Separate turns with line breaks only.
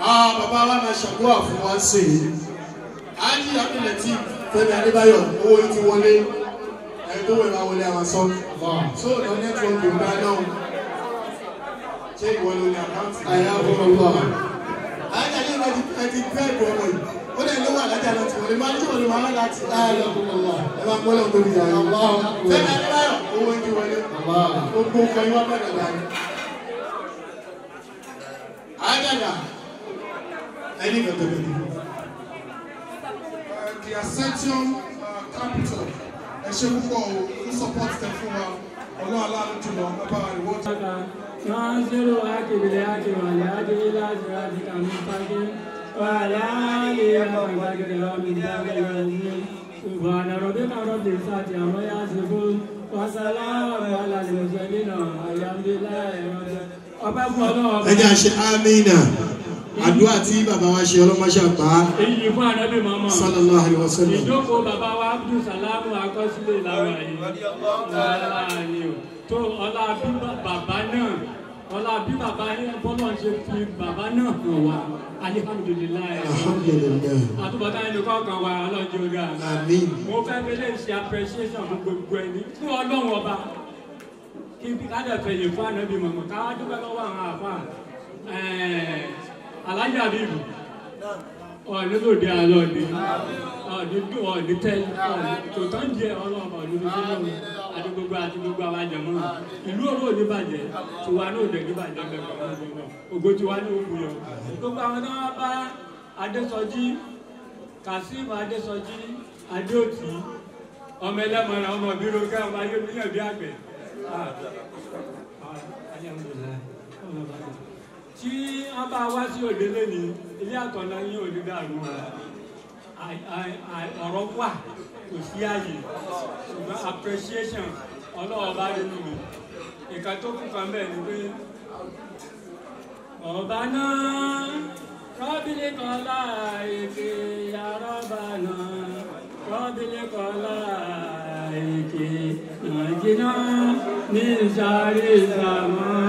Ah, bàbá wa máa ṣàdúrà fún wa ṣe é ájí abdulẹ tí Fẹ́mi Adébáyọ̀ owó yìí ti wọlé ẹni tó wẹ̀rọ àwọlé àwọn sọ so lọ nẹ́tíwọ́ọ̀kì ògbà náà ṣé ìwọ ló ní àkáǹtì. àyà àbúrò wa. àyájà ní ìwádìí ẹ ti fẹ́ ìbò ọmọ yìí ó lè lówó àlájà náà ti wọlé máa ní ìwọlé wàhálà láti láàárọ̀ àbúrò wa ẹ máa gbọ́dọ̀ tó ní ìyá yìí. Fẹ́mi Adébáyọ̀ owó yìí ti wọlé gbogbo ọkọ̀ yìí wọ́n bẹ̀rẹ̀ láàárín. àyájà any category. Uh, the Ascension uh, Capital ẹ ṣe púpọ̀ o fún support tẹ fún wa ọlọ́run aláàánú jùlọ ọba àríwó. Máa ń ṣerò ákèbìlẹ̀ ákèwàlẹ̀ ádéyé láti láti kàmú pàdé. Wàhálà lè rà gbàgede ọmọ ìdágbére ọ̀hún. Ìbàdàn rọ̀bí kan rọ̀bì sáàtì àwọn yá ṣe fún. Wàsálà ọ̀rọ̀ alàlẹ̀ òṣèlú náà, àyàmbélá ẹ̀rọ. Ọba fún ọlọ́run. Ẹ jẹ́ àṣẹ Amina àdúrà tí bàbá wa ṣe ọlọ́mọṣẹ́ àgbà. èyí fún ànábì mọ́mọ́. sallallahu alaihi wasallam. ìjókòó bàbá wa abdul salamu akọsílẹ̀ ìlànà yìí. ọlá ni o tó ọlá bí bàbá náà ọlá bí bàbá bọ́lá ṣe fi bàbá náà hàn wá alihamudulilayi. alihamudulilayi. àtúbọ̀tán ẹni kọ̀ọ̀kan wa ọlọ́jọ́ ga. àmín. mo fẹ́ appreciation fún gbogbo ẹni fún ọlọ́run ọba kí kájọ fẹ̀yìn fún ànábì mọ̀mọ́ káwájú bẹ́ẹ̀ lọ́wọ́ àwọn àfa ẹ̀ẹ́ alájà bíbù ọ̀ọ́ni ló dé alọ́ ni ọ̀ọ́ni ọ̀ọ́ni tẹ́lẹ̀ ọ̀ọ́ni tó tán jẹ́ ọlọ́ọ̀bà ọ̀ọ́ni tó tán jẹ́ àti gbogbo àti gbogbo àwọn àjẹmọ́ ìlú ọ̀rọ̀ òní bàjẹ́ tiwa náà òde ní bàjẹ́ gbẹ̀gbẹ̀ náà ògo tiwa ní òkú yọ. gbogbo àwọn náà wá bá Adésọjí Kazeem Adésọjí Adéòtí ọmọ ẹlẹ́mọ̀ràn ọmọ bírò kẹ́ ọmọ ayélujára bí àgbẹ̀. Ah, wọ́n bá wá sí òde lónìí ilé àtọ̀nà yín òde dàrú ọ̀rọ̀ wà kò sí àyè ṣùgbọ́n appreciation ọlọ́wọ́ bá rí nù mí ìka tó kù kan bẹ́ẹ̀ ni pé ọba náà rọ́bìlì kan láàyè yàrá bá náà rọ́bìlì kan láàyè nàìjíríà ní ìsàrí ìsàmọ́.